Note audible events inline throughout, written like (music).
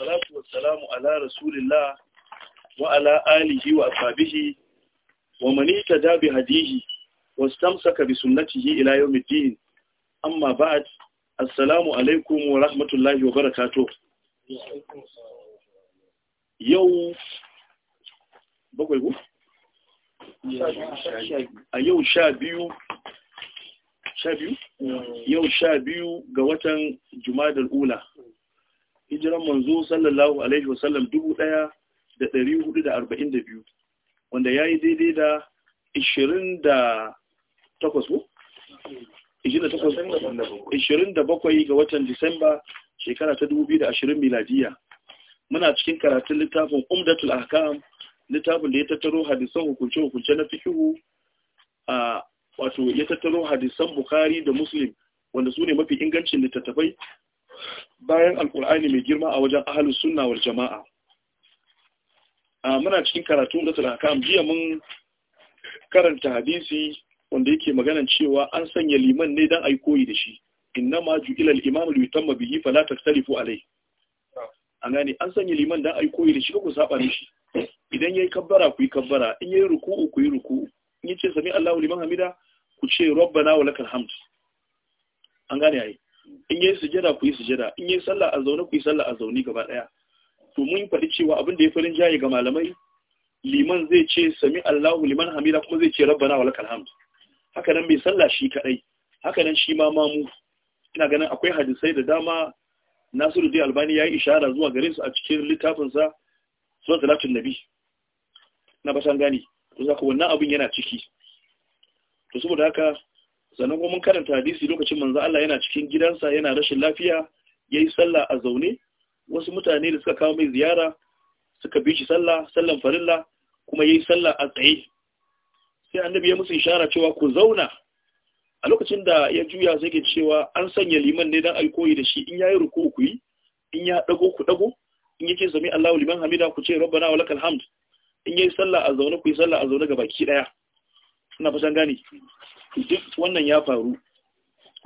wassalatu wassalamu ala rasulillah wa ala alihi wa ashabihi wa man ittaba bi hadihi wastamsaka bi sunnatihi ila yawmiddin amma ba'd assalamu alaikum wa rahmatullahi wa barakatuh yau bakwai ku a yau sha biyu sha biyu yau sha biyu ga watan jumadal ula hijiran manzo sallallahu alaihi wasallam biyu, wanda ya yi daidai da ishirin ko bakwai ga watan Disamba shekara ta dubu biyu da ashirin miladiya muna cikin karatun littafin Umdatul Ahkam littafin da ya tattaro hadisan hukunce-hukunce na fikihu a wato ya tattaro hadisan Bukhari da Muslim wanda su ne mafi ingancin littattafai bayan alkur'ani mai girma a wajen ahalin sunna wal jama'a a muna cikin karatu da tulakam jiya mun karanta hadisi wanda yake maganan cewa an sanya liman ne a yi koyi da shi ma ju'ila al-imam li yutamma bihi fala taktalifu alai A gane an sanya liman a yi koyi da shi ku saba da shi idan yayi kabbara ku yi kabbara in yayi ruku'u ku yi ruku'u in yace sami Allahu liman hamida ku ce rabbana wa lakal hamd an gane ai in yayi sujada ku yi sujada in yi sallah a zaune ku yi sallah a zaune gaba daya to mun faɗi cewa abin da ya farin jaye ga malamai liman zai ce sami Allahu liman hamida kuma zai ce rabbana wa lakal hamd haka nan mai sallah shi kadai haka nan shi ma mamu ina ganin akwai hadisai da dama Nasiru, Nasiruddin Albani ya yi ishara zuwa gare su a cikin littafin sa Salatul Nabi na basan gani to zaka wannan abin yana ciki to saboda haka sannan kuma mun karanta hadisi lokacin manzo Allah yana cikin gidansa yana rashin lafiya yayi sallah a zaune wasu mutane da suka kawo mai ziyara suka bi shi sallah sallan farilla kuma yayi sallah a tsaye sai annabi ya musu ishara cewa ku zauna a lokacin da ya juya sai ke cewa an sanya liman ne dan alkoyi da shi in yayi ruku ku yi in ya dago ku dago in yake sami Allahu liman hamida ku ce rabbana lakal hamd in yayi sallah a zaune ku yi sallah a zaune ga baki daya ina fatan gane duk wannan ya faru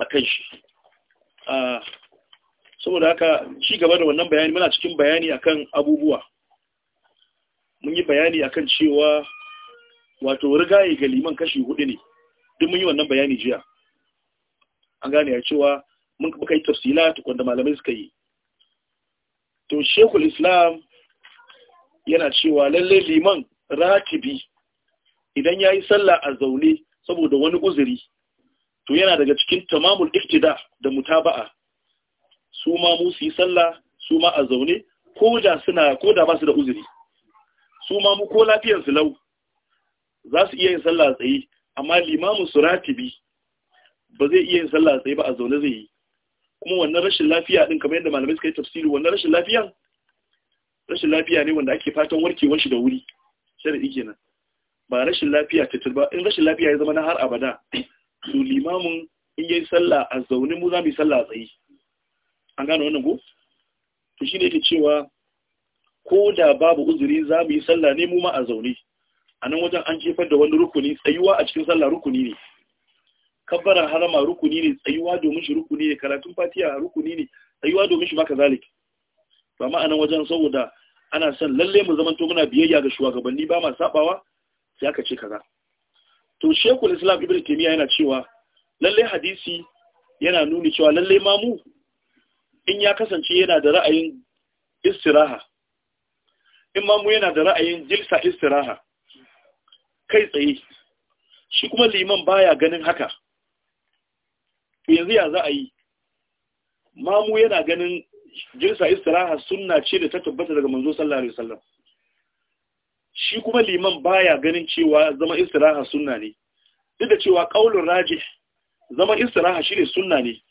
a kan shi saboda haka shi gaba da wannan bayani muna cikin bayani akan abubuwa mun yi bayani akan cewa wato rigaye ga liman kashi hudu ne duk mun yi wannan bayani jiya an gane ya cewa mun muka yi tafsila kwanda malamai suka yi to shekul islam yana cewa lallai liman ratibi idan ya yi sallah a zaune saboda wani uzuri to yana daga cikin tamamul iftida da mutaba'a su ma mu su yi sallah su ma a zaune ko da suna ko da ba su da uzuri su ma mu ko lafiyar su lau za su iya yin sallah tsaye amma limamin su ratibi ba zai iya yin sallah tsaye ba a zaune zai yi kuma wannan rashin lafiya din kamar yadda malamai suka yi tafsiri wannan rashin lafiya rashin lafiya ne wanda ake fatan warkewar shi da wuri sharadi kenan ba rashin lafiya ta turba in rashin lafiya ya zama na har abada To limamin in yayi sallah a zaune mu za mu yi sallah a tsayi an gano wannan ko to shine yake cewa ko da babu uzuri za mu yi sallah ne mu ma a zaune a nan wajen an jefar da wani rukuni tsayuwa a cikin sallah rukuni ne kabbara harama rukuni ne tsayuwa domin shi rukuni ne karatun fatiha rukuni ne tsayuwa domin shi maka zalik ba ma a nan wajen saboda ana son lalle mu zamanto muna biyayya ga shugabanni ba ma sabawa Ya aka ce kaza to shekul islam ibn taymiya yana cewa lalle hadisi yana nuni cewa lalle mamu in ya kasance yana da ra'ayin istiraha in mamu yana da ra'ayin jilsa istiraha kai tsaye shi kuma liman baya ganin haka to yanzu ya za a yi mamu yana ganin jilsa istiraha sunna ce da ta tabbata daga manzo sallallahu alaihi wasallam shi kuma liman baya ganin cewa zama istiraha sunna ne duk da cewa qaulur rajih zama istiraha shine sunna ne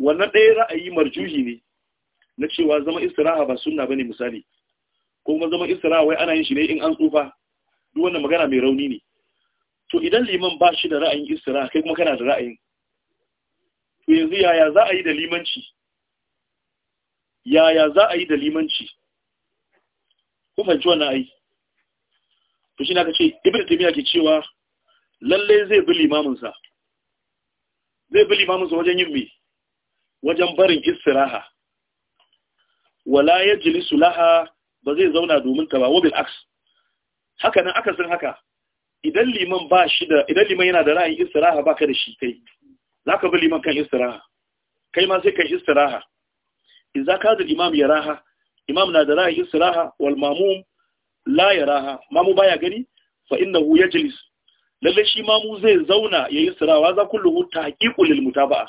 wannan ɗaya ra'ayi marjuhi ne na cewa zama istiraha ba sunna bane misali ko kuma zama istiraha wai ana yin shi ne in an tsufa duk wannan magana mai rauni ne to idan liman ba shi da ra'ayin istiraha kai kuma kana da ra'ayin to yanzu yaya za a yi da limanci yaya za a yi da limanci kun fahimci wannan ai to shi na ka ce ibn taymiya ke cewa lallai zai bi limaminsa. zai bi limaminsa wajen yin me wajen barin istiraha wala ya yajlisu laha ba zai zauna domin ta ba wobin aks haka nan aka akasin haka idan liman ba shi da idan liman yana da ra'ayin istiraha baka da shi kai Za ka bi liman kan istiraha kai ma sai kai istiraha idza kaza imam raha? imam na da ra'ayin siraha wal mamum la yaraha mamu baya gani fa ya yajlis lalle shi mamu zai zauna ya yi sirawa za kulluhu taqiqul lil mutaba'a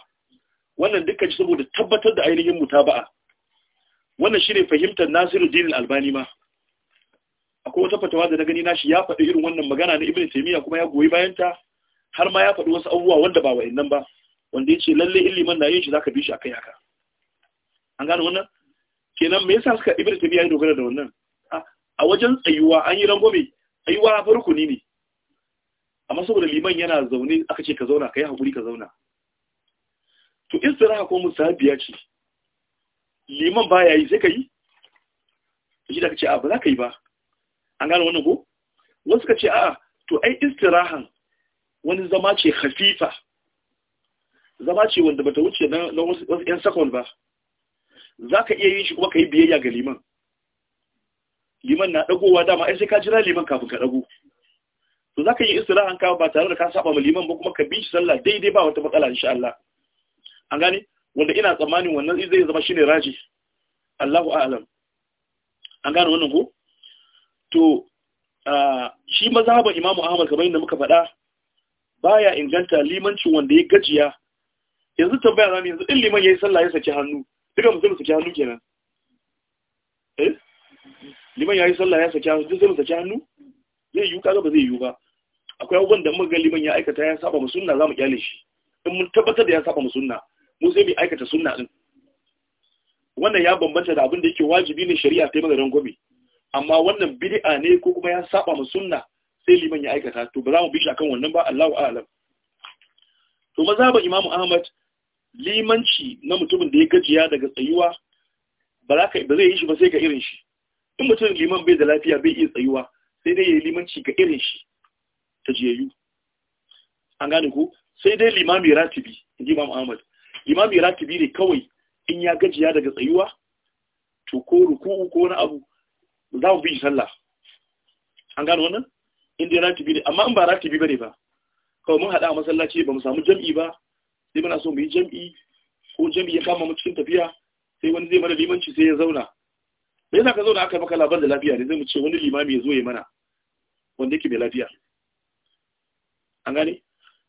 wannan dukkan shi saboda tabbatar da ainihin mutaba'a wannan shine fahimtar Nasiruddin Albani ma akwai wata fatawa da na gani nashi ya faɗi irin wannan magana na Ibn Taymiyyah kuma ya goyi bayan ta har ma ya faɗi wasu abubuwa wanda ba wa'annan ba wanda yace lalle illiman da yin shi zaka bi shi akai haka an gane wannan kenan me yasa suka ta biya ya dogara da wannan a wajen tsayuwa an yi rangwame tsayuwa farko ne amma saboda liman yana zaune aka ce ka zauna ka yi hakuri ka zauna to istiraha ko musabiya ce liman baya yi sai ka yi shi da ka ce a ba za ka yi ba an gane wannan ko wasu suka ce a'a to ai istirahan wani zama ce hafifa zama ce wanda bata wuce na wasu 'yan sakon ba za ka iya yin shi kuma ka yi biyayya ga liman liman na ɗagowa dama ai sai ka jira liman kafin ka ɗago to za ka yi istirahan ka ba tare da ka saba ma liman ba kuma ka bi shi sallah daidai ba wata matsala insha Allah an gane wanda ina tsammanin wannan zai zama shine raji Allahu a'lam an gane wannan ko to shi mazhaban Imam Ahmad kamar yadda muka faɗa baya inganta limancin wanda ya gajiya yanzu tambaya zamu yanzu in liman yayi sallah ya saki hannu duka musulmi saki hannu kenan eh liman yayi sallah ya saki hannu duk sai saki hannu zai yi kaga ba zai yi ba akwai abubuwan da muka ga liman ya aikata ya saba mu sunna zamu kyale shi in mun tabbatar da ya saba mu sunna mu sai mu aikata sunna din wannan ya bambanta da abin da yake wajibi ne shari'a ta magaran gobe amma wannan bid'a ne ko kuma ya saba mu sunna sai liman ya aikata to ba za mu bi shi akan wannan ba Allahu a'lam to mazhabin Imam Ahmad limanci na mutumin da ya gajiya daga tsayuwa ba za ka ba zai yi shi ba sai ga irin shi in mutum liman bai da lafiya bai iya tsayuwa sai dai ya yi limanci ga irin shi ta jiyayyu an gane ku sai dai limami ratibi in ji imam ahmad limami ratibi ne kawai in ya gajiya daga tsayuwa to ko ruku'u ko wani abu za mu bi shi sallah an gane wannan in dai ratibi ne amma in ba ratibi bane ba kawai mun haɗa a masallaci ba mu samu jam'i ba sai muna so mu yi jam'i ko jam'i ya kama mu cikin tafiya sai wani zai mana limanci sai ya zauna me yasa ka zauna aka maka labar da lafiya ne zai mu ce wani limami ya zo ya mana wanda yake mai lafiya an gane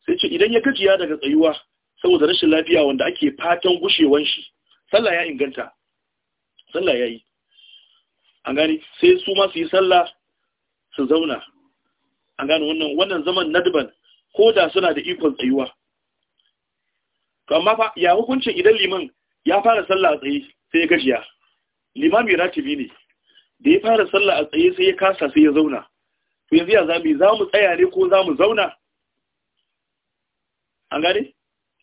sai ce idan ya kajiya daga tsayuwa saboda rashin lafiya wanda ake fatan gushewan shi sallah ya inganta sallah ya yi an gane sai su ma su yi sallah su zauna an gane wannan wannan zaman nadban ko da suna da ikon tsayuwa to amma fa ya hukuncin idan liman ya fara sallah a tsaye sai ya gajiya limami ratibi ne da ya fara sallah a tsaye sai ya kasa sai ya zauna to yanzu ya zami za mu tsaya ne ko za mu zauna an gane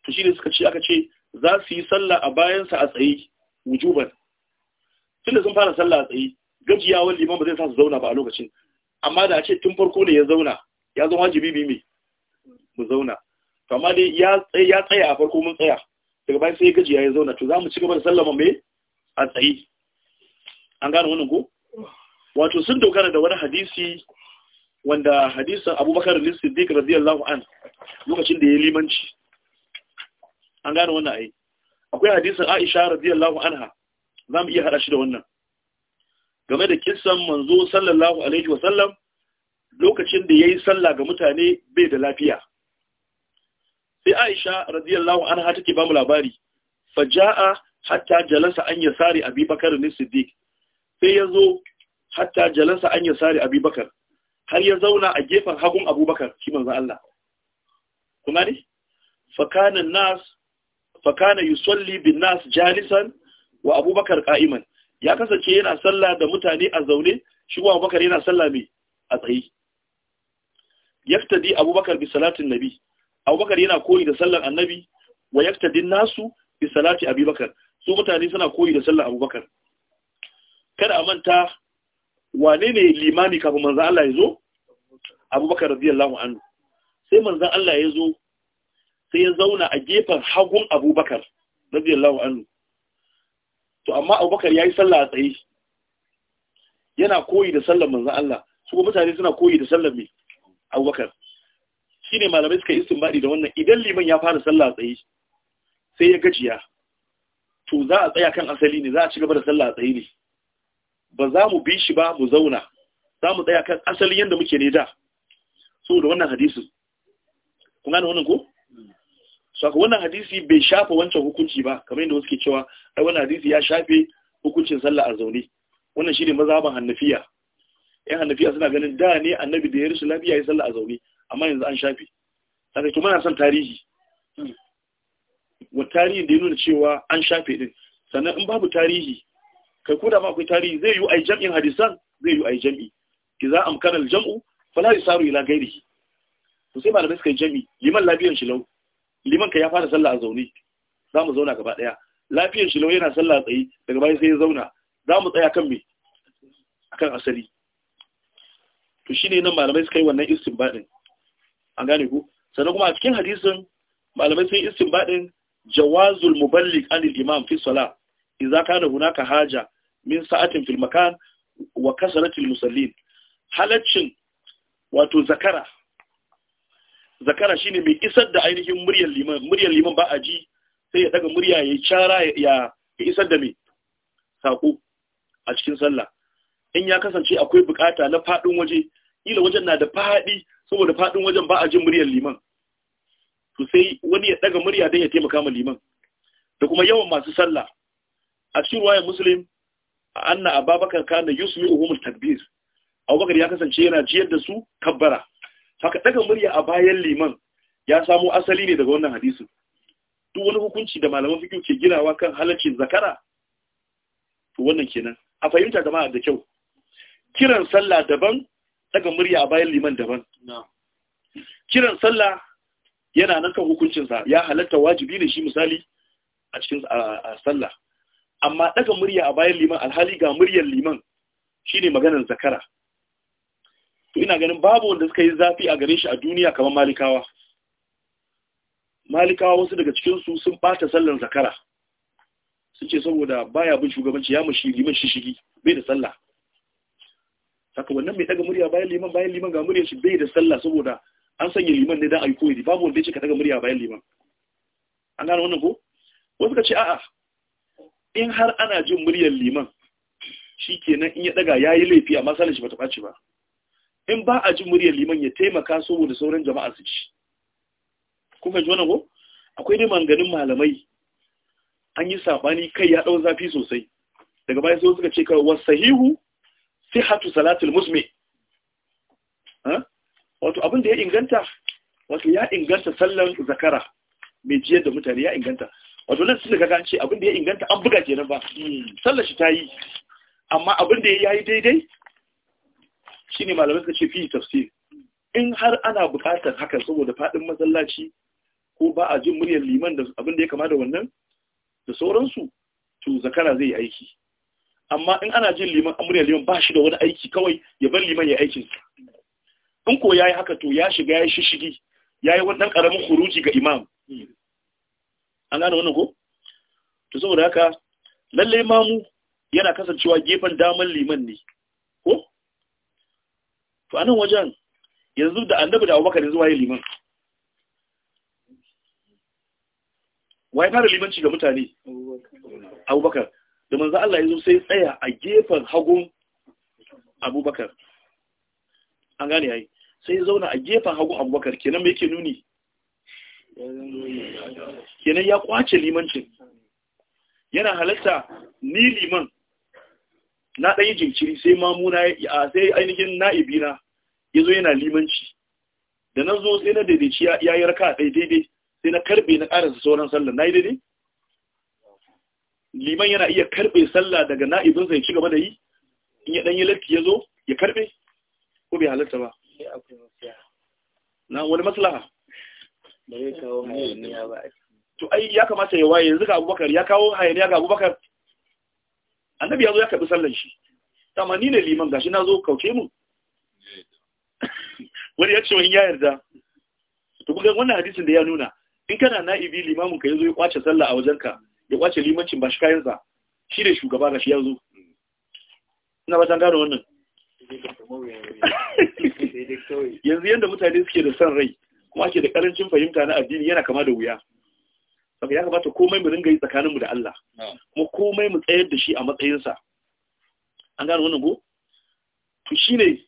to shi ne suka ce aka ce za su yi sallah a bayansa a tsaye wujuban tunda sun fara sallah a tsaye gajiyawar liman ba zai sa su zauna ba a lokacin amma da a ce tun farko ne ya zauna ya zama wajibi bi mai mu zauna Kama dai ya tsaya a farko mun tsaya daga bayan sai gajiya ya zauna to za mu ci gaba da sallama mai a tsaye an gane wannan ko wato sun dogara da wani hadisi wanda hadisin abubakar bin siddiq radiyallahu an lokacin da ya limanci an gane wannan ai akwai hadisin aisha radiyallahu anha za mu iya hada shi da wannan game da kissan manzo sallallahu alaihi wa sallam lokacin da ya yi sallah ga mutane bai da lafiya sai Aisha radiyallahu anha take ba mu labari faja'a hatta jalasa an yasari Abi Bakar ne Siddiq sai yazo hatta jalasa an yasari Abi Bakar har ya zauna a gefen hagun Abubakar shi manzo Allah kuma ne fakana nas fakana yusalli bin nas jalisan wa Abubakar qa'iman ya kasance yana sallah da mutane a zaune shi wa Abubakar yana sallah mai a tsaye yaftadi Abubakar bi salatin nabi abubakar yana koyi da sallar annabi wa yaktadin nasu bi salati abubakar su mutane suna koyi da sallar abubakar kada a manta wane ne limami kafin manzan Allah ya zo abubakar radiyallahu anhu sai manzan Allah ya zo sai ya zauna a gefen hagun abubakar radiyallahu anhu to amma abubakar ya yi sallah a tsaye yana koyi da sallar manzan Allah su mutane suna koyi da sallar mai abubakar shine malamai suka yi istinbadi da wannan idan liman ya fara sallah tsaye sai ya gajiya to za a tsaya kan asali ne za a ci gaba da sallah tsaye ne ba za mu bi shi ba mu zauna za mu tsaya kan asali yadda muke ne da so da wannan hadisi kun gane wannan ko so ka wannan hadisi bai shafa wancan hukunci ba kamar yadda wasu ke cewa ai wannan hadisi ya shafe hukuncin sallah a zaune wannan shine mazhaban hannafiya yan hannafiya suna ganin da ne annabi da ya rishi lafiya ya yi sallah a zaune amma yanzu an shafi Daga to muna son tarihi wa tarihin da ya nuna cewa an shafe din sannan in babu tarihi kai ko da ma akwai tarihi zai yi ai jam'in hadisan zai yi ai jam'i za amkan al-jam'u fala yasaru ila ghairihi to sai malamai suka yi jam'i liman lafiyan shi lau liman ka ya fara sallah a zaune za mu zauna gaba daya lafiyan shi lau yana sallah tsayi, tsaye daga bayan sai ya zauna za mu tsaya kan me akan asali to shine nan malamai suka yi wannan istinbadin an gane ku sannan kuma a cikin hadisin malamai sun yi istinbadin jawazul muballigh anil imam fi salah idza kana hunaka haja min sa'atin fil makan wa al musallin halaccin wato zakara zakara shine mai isar da ainihin muryar liman muryar liman ba a ji sai ya daga murya yayi cara ya isar da mai sako a cikin sallah in ya kasance akwai bukata na fadin waje ila wajen na da fadi saboda faɗin wajen ba a jin muryar liman to sai wani ya ɗaga murya don ya taimaka ma liman da kuma yawan masu sallah a cikin ruwayar muslim anna ababakar kana yusmi uhumul takbir abubakar ya kasance yana jiyar da su kabbara haka daga murya a bayan liman ya samo asali ne daga wannan hadisin duk wani hukunci da malaman fiqh ke ginawa kan halaccin zakara to wannan kenan a fahimta jama'a da kyau kiran sallah daban daga murya a bayan liman daban kiran sallah yana nan kan hukuncinsa ya halatta wajibi ne shi misali a cikin sallah amma daga murya a bayan liman alhali ga muryar liman shine maganar zakara to ina ganin babu wanda suka yi zafi a gare shi a duniya kamar malikawa malikawa wasu daga cikinsu sun bata sallar zakara sun ce saboda baya bin shugabanci ya mashi liman shishigi bai da sallah saka wannan mai daga murya bayan liman bayan liman ga murya shi bai da sallah saboda an sanya liman ne da ayi koyi babu wanda ya ce ka daga murya bayan liman an gane wannan ko wasu suka ce a'a in har ana jin muryar liman shi kenan in ya daga yayi laifi amma sallar shi bata ɓaci ba in ba a jin muryar liman ya taimaka saboda sauran jama'a su ci kun fahimci wannan ko akwai dai manganin malamai an yi sabani kai ya dau zafi sosai daga baya sai suka ce ka wasahihu sihatu salatul musmi wato abin da ya inganta wato ya inganta sallar zakara mai jiyar da mutane ya inganta wato nan sun ga ce abin da ya inganta an buga kenan ba hmm. sallar shi ta yi amma abin da ya yi daidai shine malamai suka ce fi tafsir in har ana buƙatar hakan saboda faɗin masallaci ko ba a jin muryar liman da abin da ya kama da wannan da sauransu to zakara zai aiki amma in ana jin liman amurya liman ba shi da wani aiki kawai ya bar liman ya aikin in ko ya yi haka to ya shiga ya shishigi ya yi wannan karamin huruji ga imam an gane wannan ko to saboda haka lallai mamu yana kasancewa gefen daman liman ne ko to anan wajen yanzu da annabi da abubakar yanzu waye liman waye fara limanci ga mutane abubakar da manzo Allah ya zo sai tsaya a gefen hagun abubakar an gane yayi sai zauna a gefen hagun abubakar kenan me yake nuni kenan ya kwace limancin yana halatta ni liman na ɗan yi jinkiri sai mamuna a sai ainihin na'ibi na ya zo yana limanci da na zo sai na daidaici ya yi raka daidai sai na karbe na ƙarasa sauran sallar na yi daidai liman yana iya karbe sallah daga na'ibinsa ya ci gaba da yi in ya dan yi latti ya zo ya karbe ko bai halarta ba na wani maslaha kawo ba to ai ya kamata ya waye yanzu ga abubakar ya kawo hayaniya ga abubakar annabi ya zo ya karbi sallan shi amma ni ne liman gashi na zo kauce mu wani ya ce wani ya yarda to kuma wannan hadisin da ya nuna in kana na'ibi limamin ka yazo ya kwace sallah a wajenka ya kwace limancin ba shi kayansa shi da shugaba ga shi ya zo ina ba gano wannan (laughs) yanzu yadda mutane suke da son rai kuma ake da karancin fahimta na addini yana kama da wuya saka ya kamata komai mu ringa yi tsakaninmu da Allah kuma komai mu tsayar da shi a matsayinsa an gano wannan ko to shine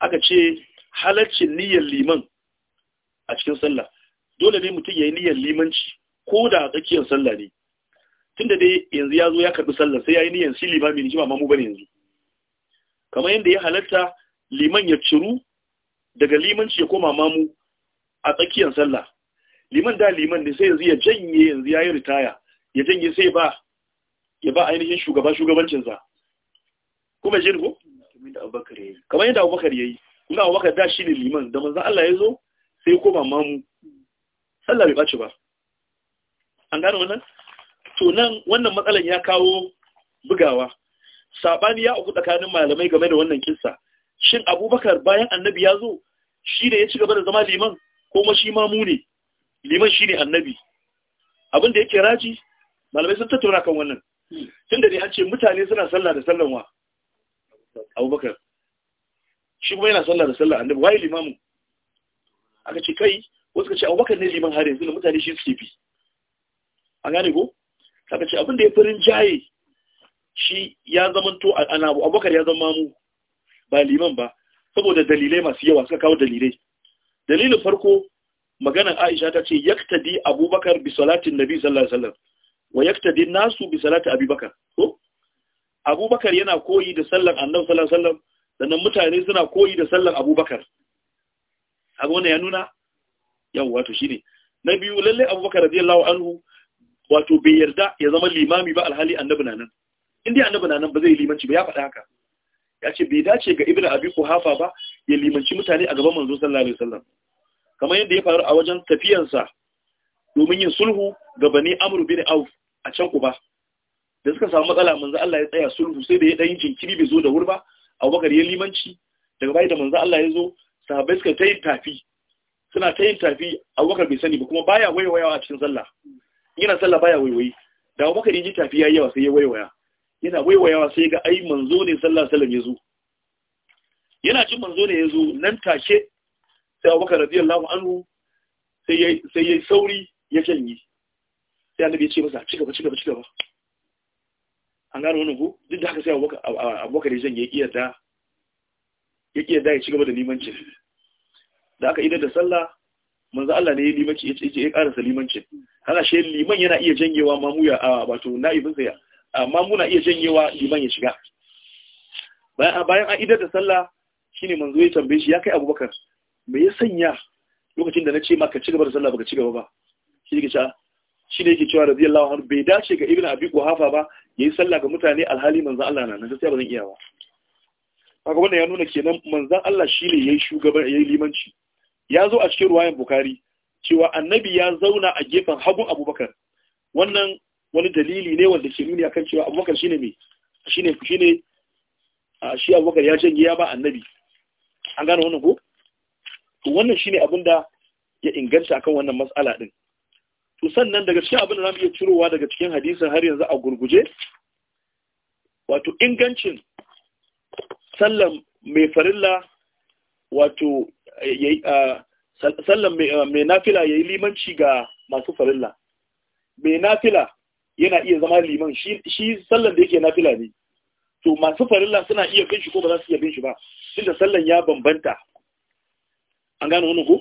aka ce halaccin niyyar liman a cikin sallah dole ne mutum ya yi niyyar limanci ko da a tsakiyar sallah ne tunda dai yanzu ya zo ya karbi sallar sai ya yi niyan shi limami ne shi ba mamu bane yanzu kamar yadda ya halatta liman ya ciru daga limanci ya koma mamu a tsakiyar sallah liman da liman ne sai yanzu ya janye yanzu ya yi ritaya ya janye sai ba ya ba ainihin shugaba shugabancinsa kuma jin ko kamar yadda abubakar ya yi kuma abubakar da shi ne liman da manzan Allah ya zo sai ya koma mamu sallah bai ɓaci ba an gane wannan to nan wannan matsalan ya kawo bugawa sabani ya uku tsakanin malamai game da wannan kissa shin abubakar bayan annabi ya zo shi ne ya ci gaba da zama liman ko kuma shi mamu ne liman shi ne annabi Abinda yake raji malamai sun tattauna kan wannan tunda ne an ce mutane suna sallah da sallan wa abubakar shi kuma yana sallah da sallah annabi waye limamu aka ce kai wasu ka ce abubakar ne liman har yanzu da mutane shi suke bi an gane ko saka ce abin da ya farin jaye shi ya zama to ana abokar ya zama mu ba liman ba saboda dalilai masu yawa suka kawo dalilai dalilin farko maganar aisha ta ce yaktadi abubakar bi salatin nabi sallallahu alaihi wasallam wa yaktadi nasu bi salati abubakar ko abubakar yana koyi da sallan annabi sallallahu alaihi wasallam sannan mutane suna koyi da sallan abubakar haka wannan ya nuna yawa to shine na biyu lalle abubakar radiyallahu anhu wato bai yarda ya zama limami ba alhali annabi nan in dai annabi nan ba zai limanci ba ya faɗa haka ya ce bai dace ga ibnu abi kuhafa ba ya limanci mutane a gaban manzo sallallahu alaihi wasallam kamar yadda ya faru a wajen sa domin yin sulhu ga bani amru bin auf a can kuba da suka samu matsala manzo Allah ya tsaya sulhu sai da ya dan jinkiri bai zo da wurba Abubakar ya limanci daga bayan da manzo Allah ya zo sahabbai suka tayi tafi suna tayin tafi Abubakar bai sani ba kuma baya wayewa a cikin sallah yana sallah baya waiwayi da Abu Bakar ji tafiya yawa sai ya waiwaya yana waiwayawa sai ga ai manzo ne sallah, sallam ya yazo yana cin manzo ne yazo nan tashe sai Abu Bakar radiyallahu anhu sai yayi sai yayi sauri ya canyi sai annabi ya ce masa ci gaba ci gaba ci gaba an gano wannan ku, duk da haka sai Abu Bakar ya janye ya da ya da ya ci gaba da limancin da aka idar da sallah manzo Allah ne ya limanci ya ce ya karasa limancin haka shi liman yana iya janyewa mamuya a wato na'ibin sa amma muna iya janyewa liman ya shiga bayan bayan an idar da sallah shine manzo ya tambaye shi ya kai Abubakar me ya sanya lokacin da na ce maka ci gaba da sallah baka ci gaba ba shi yake cewa shi ne yake cewa radiyallahu anhu bai dace ga ibnu abi quhafa ba yayi sallah ga mutane alhali manzo Allah na nan sai ba zan iya ba kaga wannan ya nuna kenan manzo Allah shine yayi shugaban yayi limanci ya zo a cikin ruwayan bukari cewa annabi ya zauna a gefen hagun abubakar wannan wani dalili ne wanda ke nuni akan cewa abubakar shine mai shine shine shi abubakar ya janye ya ba annabi an gane wannan ko to wannan shine abin da ya inganta akan wannan matsala din to sannan daga cikin abin da zamu iya cirowa daga cikin hadisin har yanzu a gurguje wato ingancin sallan mai farilla wato sallan mai nafila ya yi limanci ga masu farilla mai nafila yana iya zama liman shi sallan da yake nafila ne to masu farilla suna iya bin shi ko ba za su iya bin shi ba inda sallan ya bambanta an gane wani ko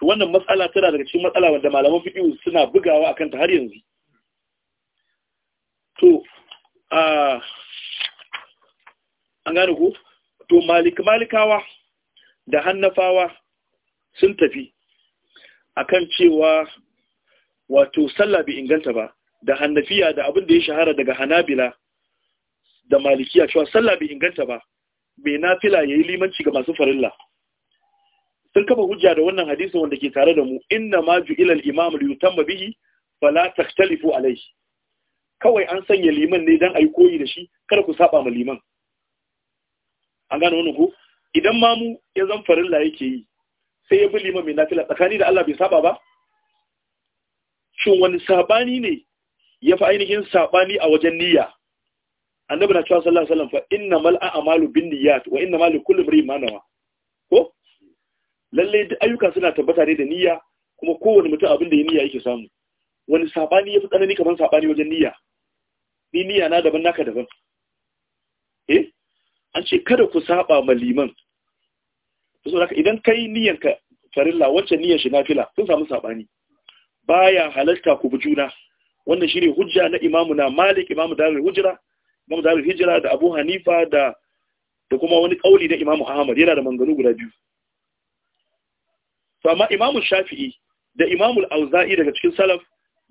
to wannan matsala tana daga cikin matsala wanda malaman fiqh suna bugawa akan ta har yanzu to an gane ko to malik malikawa da hannafawa sun tafi akan cewa wato sallah bai inganta ba da hannafiya da abin da ya shahara daga hanabila da malikiya cewa sallah bai inganta ba mai nafila yi limanci ga masu farilla sun kafa hujja da wannan hadisin wanda ke tare da mu inna ma ju'ilal imam li yutamma bihi fala takhtalifu alayhi kawai an sanya liman ne dan ayi koyi da shi kada ku saba ma liman an gane wannan ko idan mamu ya zan la yake yi sai ya bulima mai nafila tsakani da Allah bai saba ba shin wani sabani ne ya fi ainihin sabani a wajen niyya annabi na cewa sallallahu alaihi wasallam fa innamal a'malu binniyat wa innamal likulli imrin ma nawa ko lalle ayyuka suna tabbata ne da niyya kuma kowane mutum abin da ya niyya yake samu wani sabani ya fi tsanani kaman sabani wajen niyya ni niyya na daban naka daban eh an ce kada ku saba ma liman so haka idan kai niyyanka farilla wacce niyyar shi nafila sun samu sabani baya halarta ku bi juna wannan shine hujja na imamu na Malik imamu Darul Hijra imamu Darul Hijra da Abu Hanifa da da kuma wani kauli na imamu Ahmad yana da manganu guda biyu to amma imamu Shafi'i da imamu Al-Auza'i daga cikin salaf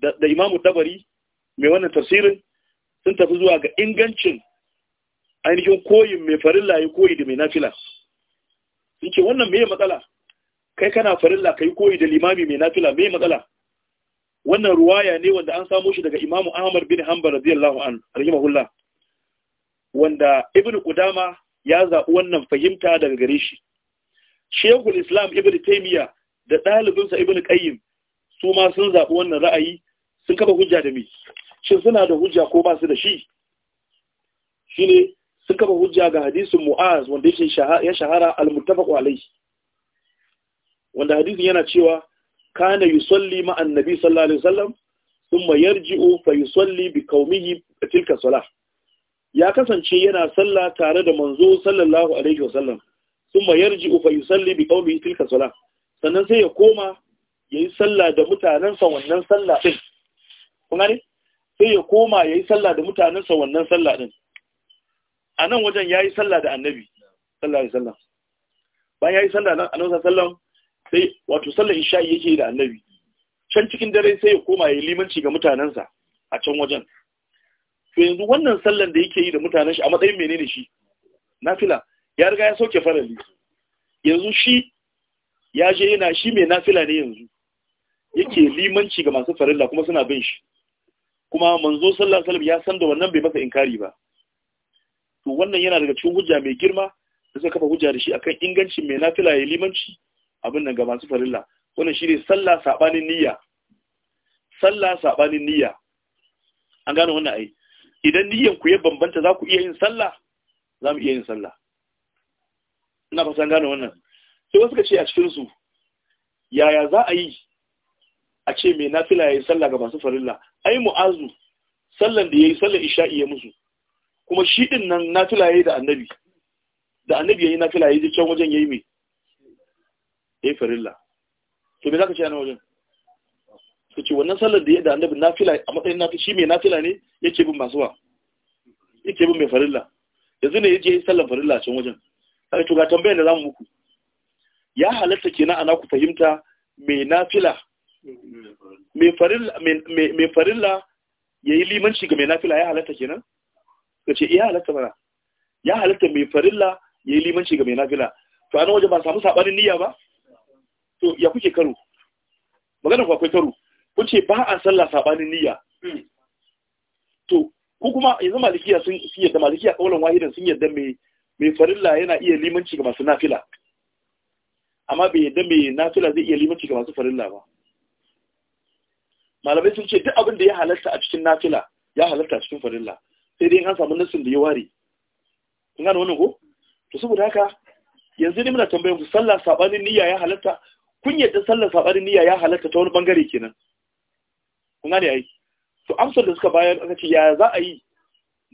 da, da imamu Dabari mai wannan tafsirin sun tafi zuwa ga ingancin ainihin koyin mai farilla ya koyi da mai nafila sun ce wannan mai matsala kai kana farilla kai koyi da limami mai nafila mai matsala wannan ruwaya ne wanda an samo shi daga imamu ahmad bin hanbal radiyallahu an rahimahullah wanda ibnu Ƙudama ya zaɓi wannan fahimta daga gare shi shehul islam ibnu taymiya da ɗalibinsa ibnu qayyim su ma sun zaɓi wannan ra'ayi sun kafa hujja da me shin suna da hujja ko ba su da shi shine sun kafa hujja ga hadisin mu'az wanda yake ya shahara al-muttafaq alayhi wanda hadisin yana cewa kana yusalli ma annabi sallallahu alaihi wasallam thumma yarji'u fa yusalli bi qaumihi tilka salah ya kasance yana salla tare da manzo sallallahu alaihi wasallam thumma yarji'u fa yusalli bi qaumihi tilka salah sannan sai ya koma yayi salla da mutanansa wannan salla din kuma ne sai ya koma yayi salla da mutanansa wannan salla din a nan wajen ya yi sallah da annabi sallah da wasallam bayan ya yi sallah nan annabi sallan? sai wato sallar isha'i yake da annabi can cikin dare sai ya koma ya yi limanci ga mutanensa a can wajen to yanzu wannan sallar da yake yi da mutanen shi a matsayin menene shi nafila ya riga ya sauke farali yanzu shi ya je yana shi mai nafila ne yanzu yake limanci ga masu farilla kuma suna bin shi kuma manzo sallallahu alaihi wasallam ya san da wannan bai masa inkari ba to wannan yana daga cikin hujja mai girma da suka kafa hujja da shi akan ingancin mai nafila ya limanci abin nan ga masu farilla wannan shi ne sallah sabanin niyya sallah sabanin niyya an gane wannan ai idan niyyan ku ya bambanta za ku iya yin sallah za mu iya yin sallah ina an gane wannan sai wasu ka ce a cikin su yaya za a yi a ce mai nafila ya yi sallah ga masu farilla ai mu'azu sallan da ya yi sallan isha'i ya musu kuma shi din nan nafila yayi da annabi da annabi yayi nafila yayi can wajen yayi me eh farilla to me zaka ce ana wajen to ce wannan sallar da yayi da annabi nafila a matsayin na shi me nafila ne yake bin masu ba yake bin mai farilla yanzu ne yaje sallar farilla can wajen sai to ga tambayar da zamu muku ya halatta kenan ana ku fahimta me nafila me farilla me farilla yayi limanci ga me nafila ya halatta kenan ka ce iya halatta mana ya halatta mai farilla ya yi limanci ga mai nafila to anan waje ba samu saɓanin niyya ba to ya kuke karo magana kwakwai karo kun ce ba a sallah saɓanin niyya to ko kuma yanzu malikiya sun yadda malikiya kaulan wahidan sun yadda mai mai farilla yana iya limanci ga masu nafila amma bai yadda mai nafila zai iya limanci ga masu farilla ba malamai sun ce duk abin da ya halatta a cikin nafila ya halatta a cikin farilla sai dai an samu nassin da ya ware kun gane wannan ko to saboda haka yanzu ne muna tambayar ku sallah sabanin niyya ya halatta kun yadda sallah sabanin niyya ya halatta ta wani bangare kenan kun gane ai to amsar da suka bayar aka ce ya za a yi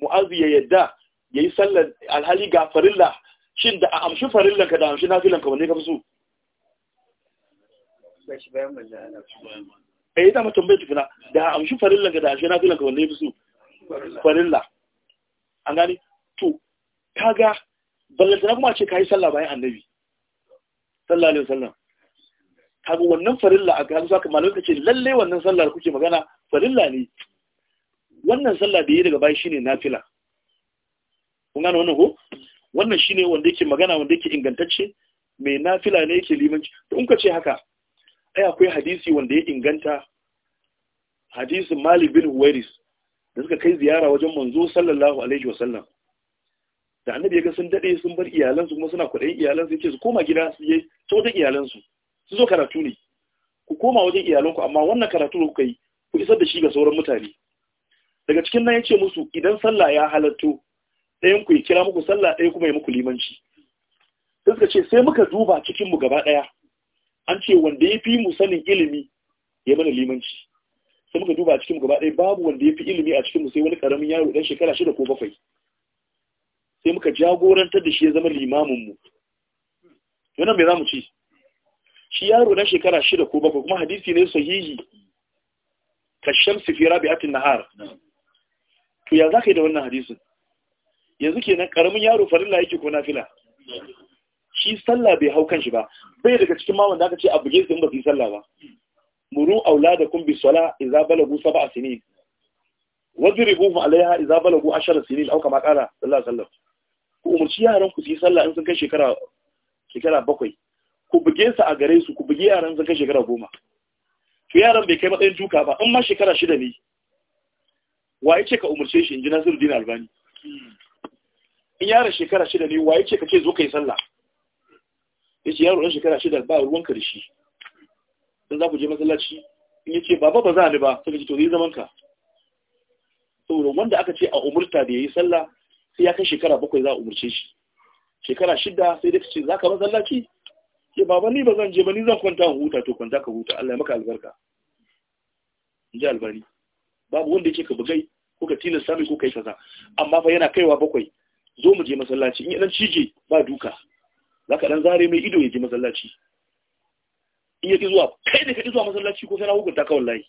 mu'azi ya yadda yayi sallar alhali ga farilla shin da a amshi farillan ka da amshi nafilan ka wanne ka fi so eh ita mutum bai tufina da a amshi farillan ka da amshi nafilan ka wanne ka fi so farilla an gani to kaga ballantana kuma ce ka yi sallah bayan annabi Sallah ne wasallam kaga wannan farilla a kaga saka ka ce lalle wannan sallah da kuke magana farilla ne wannan sallah da yi daga bayan shine nafila kun gane wannan ko wannan shine wanda yake magana wanda yake ingantacce mai nafila ne yake limanci to in ka ce haka ai akwai hadisi wanda ya inganta hadisin Malik bin Huwairis da suka kai ziyara wajen manzo sallallahu alaihi wa sallam, da annabi ya ga sun dade sun bar iyalansu kuma suna kwaɗayin iyalansu yake su koma gida su je ta wajen iyalansu su zo karatu ne ku koma wajen iyalan ku amma wannan karatu da kuka yi ku isar da shi ga sauran mutane daga cikin nan ya ce musu idan sallah ya halatto ɗayan ku ya kira muku sallah ɗaya kuma ya muku limanci sai suka ce sai muka duba cikin mu gaba ɗaya an ce wanda ya fi mu sanin ilimi ya mana limanci sai muka duba cikin gaba ɗaya babu wanda ya fi ilimi a cikin sai wani ƙaramin yaro ɗan shekara shida ko bakwai sai muka jagorantar da shi ya zama limamin mu to nan za mu ci shi yaro ɗan shekara shida ko bakwai kuma hadisi ne sahihi ka shamsi fi atin nahar to ya zaka yi da wannan hadisin yanzu kenan ƙaramin yaro farilla yake ko nafila shi sallah bai hau kan shi ba bai daga cikin ma aka ce a buge su in ba su yi sallah ba muru auladakum bis sala idza balagu sab'a sinin wadribuhum alaiha idza balagu 10 sinin aw kama qala sallallahu alaihi wasallam ku umurci yaran ku su yi sallah in sun kai shekara shekara bakwai ku buge su a gare su ku buge yaran sun kai shekara goma to yaran bai kai matsayin duka ba in ma shekara shida ne waye ce ka umurce shi in ji Nasiruddin Albani in yaron shekara shida ne waye ce ka ce zo kai sallah yace yaro dan shekara shida ba ruwan ka da shi in za ku je masallaci in yace baba ba za ni ba sai ka ji to yi zaman ka saboda wanda aka ce a umurta da yayi sallah sai ya kai shekara bakwai za a umurce shi shekara shida sai dai ka ce ka masallaci ke baba ni ba zan je ba ni zan kwanta in huta to kwanta ka huta Allah ya maka albarka in ji albari babu wanda yake ka bugai ko ka tilasta sami ko kai kaza amma fa yana kaiwa bakwai zo mu je masallaci in dan cije ba duka zaka dan zare mai ido ya je masallaci iya yake zuwa kai da kaɗi zuwa masallaci ko sana na hukunta ka wallahi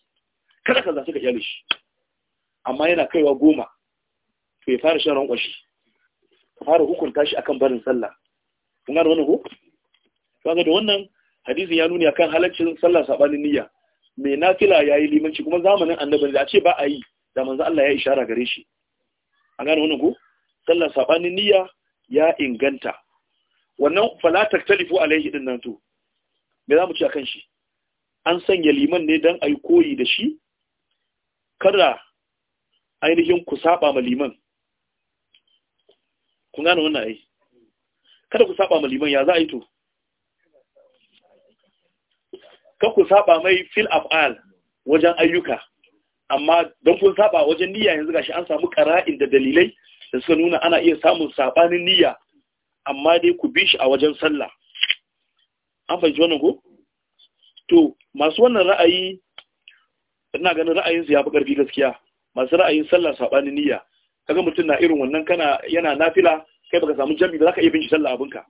kada ka zasu ka kyale shi amma yana kaiwa goma to ya fara shan kwashi ka fara hukunta shi akan barin sallah kun ga wannan ko kaga da wannan hadisi ya nuni akan halaccin sallah sabanin niyya me nafila yayi limanci kuma zamanin annabi da a ce ba a yi da manzo Allah ya ishara gare shi an gane wannan ko sallah sabanin niyya ya inganta wannan fala taktalifu alaihi din nan to me za mu ci kan shi an sanya liman ne don a yi koyi da shi kada ainihin ku saba ma liman kun gane wannan ai kada ku saba ma liman ya za a yi to Ka ku saba mai fil af'al wajen ayyuka amma don kun saba wajen niyya yanzu gashi an samu qara'in da dalilai da suka nuna ana iya samun sabanin niyya amma dai ku bi shi a wajen sallah an fahimci wannan ko to masu wannan ra'ayi ina ganin su ya fi ƙarfi gaskiya masu ra'ayin sallah saɓanin niyya kaga mutum na irin wannan kana yana nafila kai baka samu jami ba za ka iya bin shi sallah abinka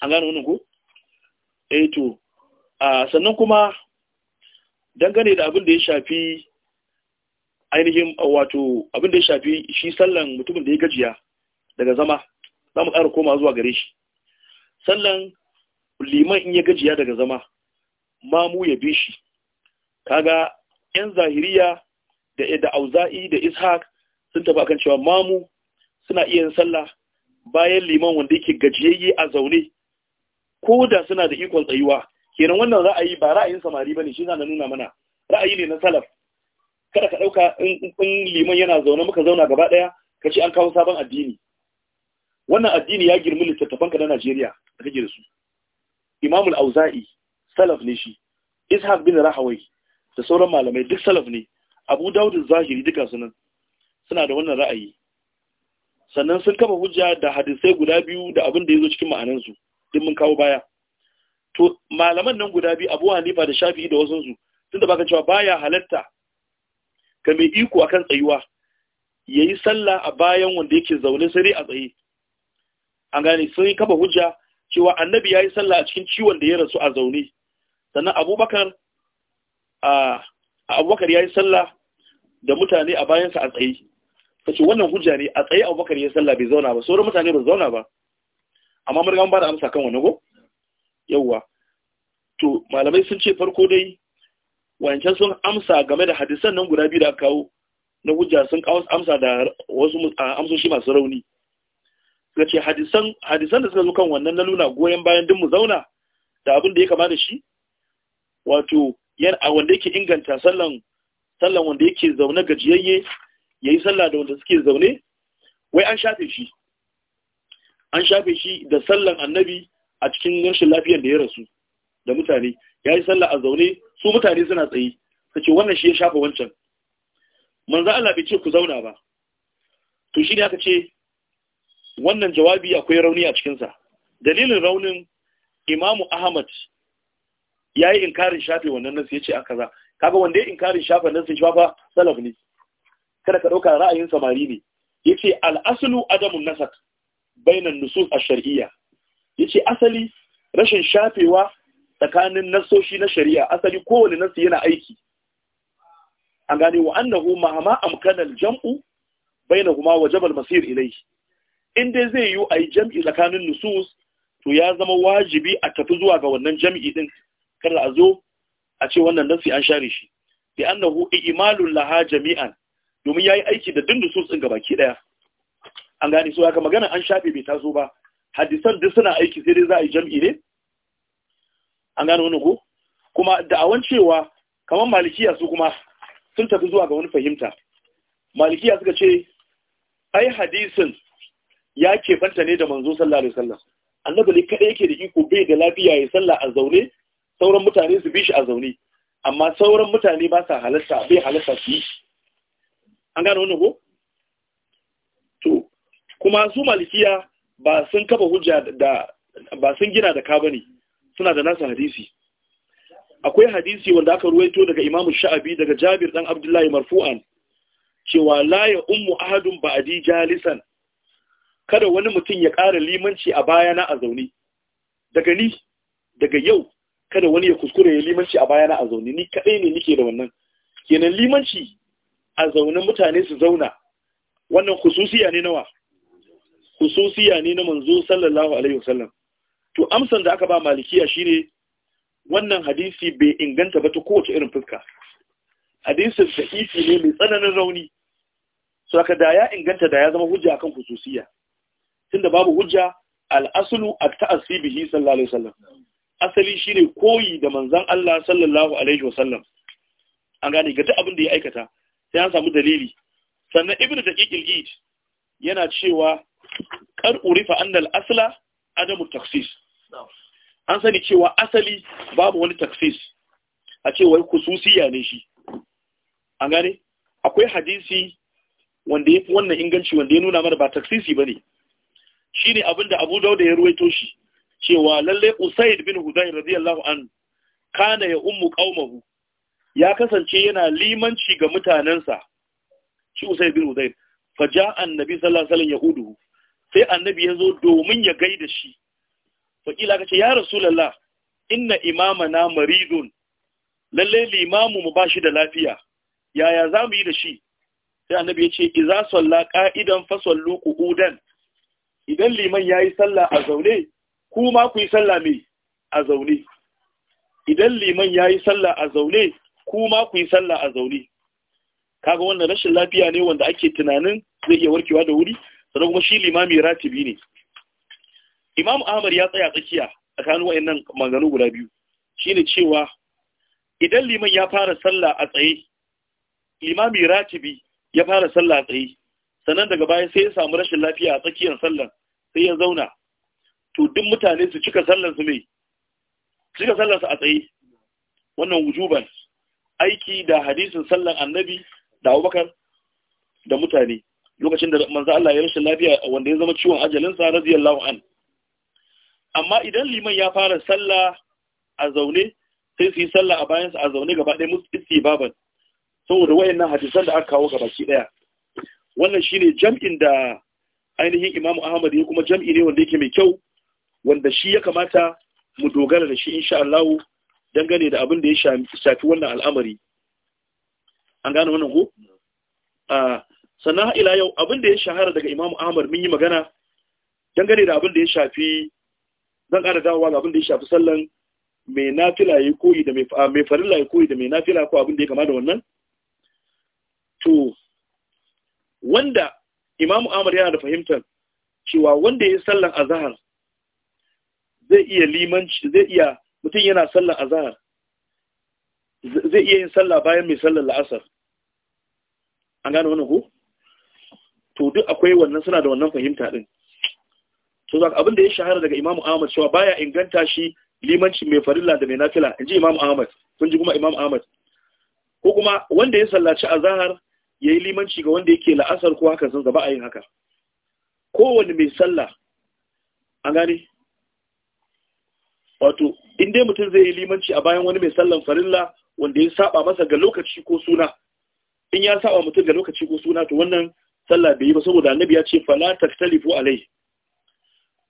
an gane wannan ko eh to a sannan kuma dangane da abin da ya shafi ainihin wato abin da ya shafi shi sallan mutumin da ya gajiya daga zama za mu ƙara koma zuwa gare shi sallan liman in ya gajiya daga zama mamu ya bi shi kaga yan zahiriya da da auza'i da ishaq sun taba kan cewa mamu suna iya yin sallah bayan liman wanda yake gajiyayye a zaune ko da suna da ikon tsayuwa kenan wannan ra'ayi ba ra'ayin samari bane shi na nuna mana ra'ayi ne na salaf kada ka dauka in liman yana zaune muka zauna gaba daya ka ce an kawo sabon addini wannan addini ya girmi littattafan ka na Najeriya da kake da su imamul auza'i salaf ne shi ishaq bin rahawai da sauran malamai duk salaf ne abu daudin zahiri duka sunan suna da wannan ra'ayi sannan sun kafa hujja da hadisai guda biyu da abin da ya zo cikin ma'anansu din mun kawo baya to malaman nan guda biyu abu hanifa da shafi'i da wasansu tunda baka cewa baya halatta ka mai iko akan tsayuwa yayi sallah a bayan wanda yake zaune sai a tsaye an gane sun kafa hujja cewa annabi ya yi sallah a cikin ciwon da ya rasu a zaune sannan abubakar a abubakar ya yi sallah da mutane a bayansa a tsaye ta ce wannan hujja ne a tsaye abubakar ya yi sallah bai zauna ba sauran mutane ba zauna ba amma mun ba da amsa kan wani go yawwa to malamai sun ce farko dai wancan sun amsa game da hadisan nan guda biyu da aka kawo na hujja sun kawo amsa da wasu amsoshi masu rauni ga ce hadisan da suka zo kan wannan na nuna goyon bayan din mu zauna da abin da ya kama da shi wato a wanda yake inganta sallan sallan wanda yake zaune gajiyayye ya yi sallah da wanda suke zaune wai an shafe shi an shafe shi da sallan annabi a cikin rashin lafiyar da ya rasu da mutane ya yi sallah a zaune su mutane suna tsaye ta ce wannan shi ya shafa wancan manzo Allah bai ce ku zauna ba to shi ne aka ce wannan jawabi akwai rauni a cikinsa dalilin raunin imamu ahmad ya yi inkarin shafe wannan nasu ya ce aka za kaga wanda ya inkarin shafe nasu shafa salaf ne kada ka ɗauka ra'ayin samari ne ya ce al'asulu adamun nasak bainan nusus a shari'a. ya ce asali rashin shafewa tsakanin nasoshi na shari'a asali kowane nasu yana aiki an gane wa annahu ma'ama amkanal jam'u bainahuma wajabal masir ilaihi. in dai zai yi a yi jam'i tsakanin nusus to ya zama wajibi a tafi zuwa ga wannan jam'i din kada a zo a ce wannan nasi an share shi bi annahu imalul laha jami'an domin yayi aiki da din nusus din gabaki daya an gane so haka magana an shafe bai taso ba hadisan duk suna aiki sai dai za a yi jam'i ne an gani wani ko kuma da'awan cewa kamar malikiya su kuma sun tafi zuwa ga wani fahimta malikiya suka ce ai hadisin ya keɓanta ne da manzo sallallahu alaihi wasallam annabi ne kada yake da iko bai da lafiya ya sallah a zaune sauran mutane su bi shi a zaune amma sauran mutane ba sa halarta bai halarta su yi an gane ne ko to kuma su malikiya ba sun kaba hujja da ba sun gina da ka ne? suna da nasa hadisi akwai hadisi wanda aka ruwaito daga imamu sha'abi daga jabir dan abdullahi marfu'an cewa la ya ummu ahadun ba'adi jalisan kada wani mutum ya ƙara limanci a bayana a zaune daga ni daga yau kada wani ya kuskure ya limanci a bayana a zaune ni kaɗai ne nike da wannan kenan limanci a zaune mutane su zauna wannan hususiya ne nawa hususiya ne na manzo sallallahu alaihi wasallam to amsan da aka ba malikiya shine wannan hadisi bai inganta ba ta kowace irin fuska hadisi da ne mai tsananin rauni so aka da ya inganta da ya zama hujja akan hususiya tunda babu hujja al'asulu a ta'asi bihi sallallahu alaihi wasallam asali shine koyi da manzon Allah sallallahu alaihi wasallam an gane ga duk abin da ya aikata sai an samu dalili sannan ibnu daqiqil id yana cewa kar urifa al asla adamu at-takhsis an sani cewa asali babu wani takhsis a ce wai kususiya ne shi an gane akwai hadisi wanda ya fi wannan inganci wanda ya nuna mana ba taksisi ba ne Shi ne abinda Abu dauda ya ruwaito shi cewa lallai Usaid bin Hudayr radiyallahu anhu kana ya ummu qaumahu ya kasance yana limanci ga mutanensa shi Usaid bin Hudayr faja annabi sallallahu alaihi wasallam sai annabi ya zo domin ya gaida shi fakila kace ya rasu rasulullah inna imamana maridun Lallai limamu mu bashi da lafiya yaya zamu yi da shi sai annabi ya ce iza salla qa'idan fa sallu qu'udan idan liman ya yi sallah a zaune ku ma ku yi sallah mai a zaune idan liman ya yi sallah a zaune ku ma ku yi sallah a zaune kaga wannan rashin lafiya ne wanda ake tunanin zai iya warkewa da wuri sannan kuma shi limami ratibi ne imam ahmad ya tsaya tsakiya tsakanin nan maganganu guda biyu shine cewa idan liman ya fara sallah a tsaye limami ratibi ya fara sallah a tsaye sannan daga baya sai ya samu rashin lafiya a tsakiyar sallar sai ya zauna to duk mutane su cika sallar su cika sallar a tsaye wannan wujuban aiki da hadisin sallar annabi da abubakar da mutane lokacin da manzo Allah ya rashin lafiya wanda ya zama ciwon ajalin sa radiyallahu an amma idan liman ya fara salla a zaune sai su yi salla a bayan sa a zaune gaba ɗaya musu istibaban saboda wayannan hadisan da aka kawo gaba ki daya wannan shine jam'in da ainihin imamu ahmad ya kuma jam'i ne wanda yake mai kyau wanda shi ya kamata mu dogara da shi insha Allah dangane da abin da ya shafi wannan al'amari an gane wannan ko a sannan ila yau abin da ya shahara daga imamu ahmad mun yi magana dangane da abin da ya shafi zan ƙara dawowa ga abin da ya shafi sallan mai nafila ya koyi da mai farilla ya koyi da mai nafila ko abin da ya kama da wannan to wanda Imam Ahmad yana da fahimtar cewa wanda ya sallan azhar zai iya limanci zai iya mutum yana sallan azhar zai iya yin sallah bayan mai sallar la'asar an gane wannan ko to duk akwai wannan suna da wannan fahimta din to zaka abin da ya shahara daga Imam Ahmad cewa baya inganta shi limanci mai farilla da mai nafila inji Imam Ahmad kun ji kuma Imam Ahmad ko kuma wanda ya sallaci azhar ya yi limanci ga wanda yake la'asar ko haka sun ba a yin haka kowane mai sallah an gane wato in mutum zai yi limanci a bayan wani mai tsallan farilla wanda ya saba masa ga lokaci ko suna in ya saba mutum ga lokaci ko suna to wannan sallah bai yi ba saboda annabi ya ce falatar talifu alai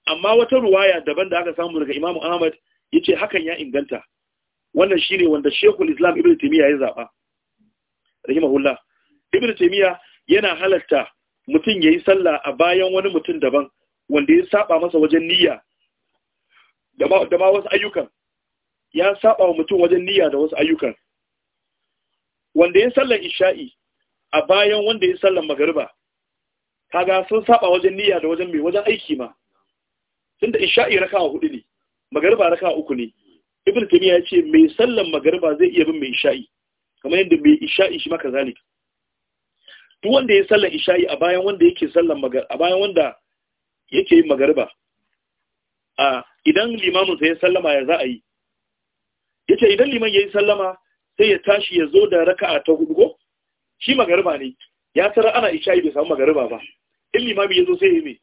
amma wata ruwaya daban da aka samu daga imamu Ahmad ya ce hakan ya inganta wannan shi ne wanda shekul Islam Ibn Taymiyyah ya zaba rahimahullah ibnu taymiya yana halatta mutum ya yi sallah a bayan wani mutum daban wanda ya saba masa wajen niyya da ma wasu ayyukan ya saba wa mutum wajen niyya da wasu ayyukan wanda ya sallar isha'i a bayan wanda ya sallar magariba kaga sun saba wajen niyya da wajen mai wajen aiki ma tunda isha'i raka hudu ne magariba raka uku ne ibn tamiya ya ce mai sallar magariba zai iya bin mai isha'i kamar yadda mai isha'i shi maka zalika duk wanda ya sallar isha'i a bayan wanda yake sallar magariba a bayan wanda yake yin magariba a idan limamin sai ya sallama ya za a yi yace idan liman yayi sallama sai ya tashi ya zo da raka'a ta hudu ko shi magariba ne ya tara ana isha'i bai samu magariba ba in limami ya zo sai ya yi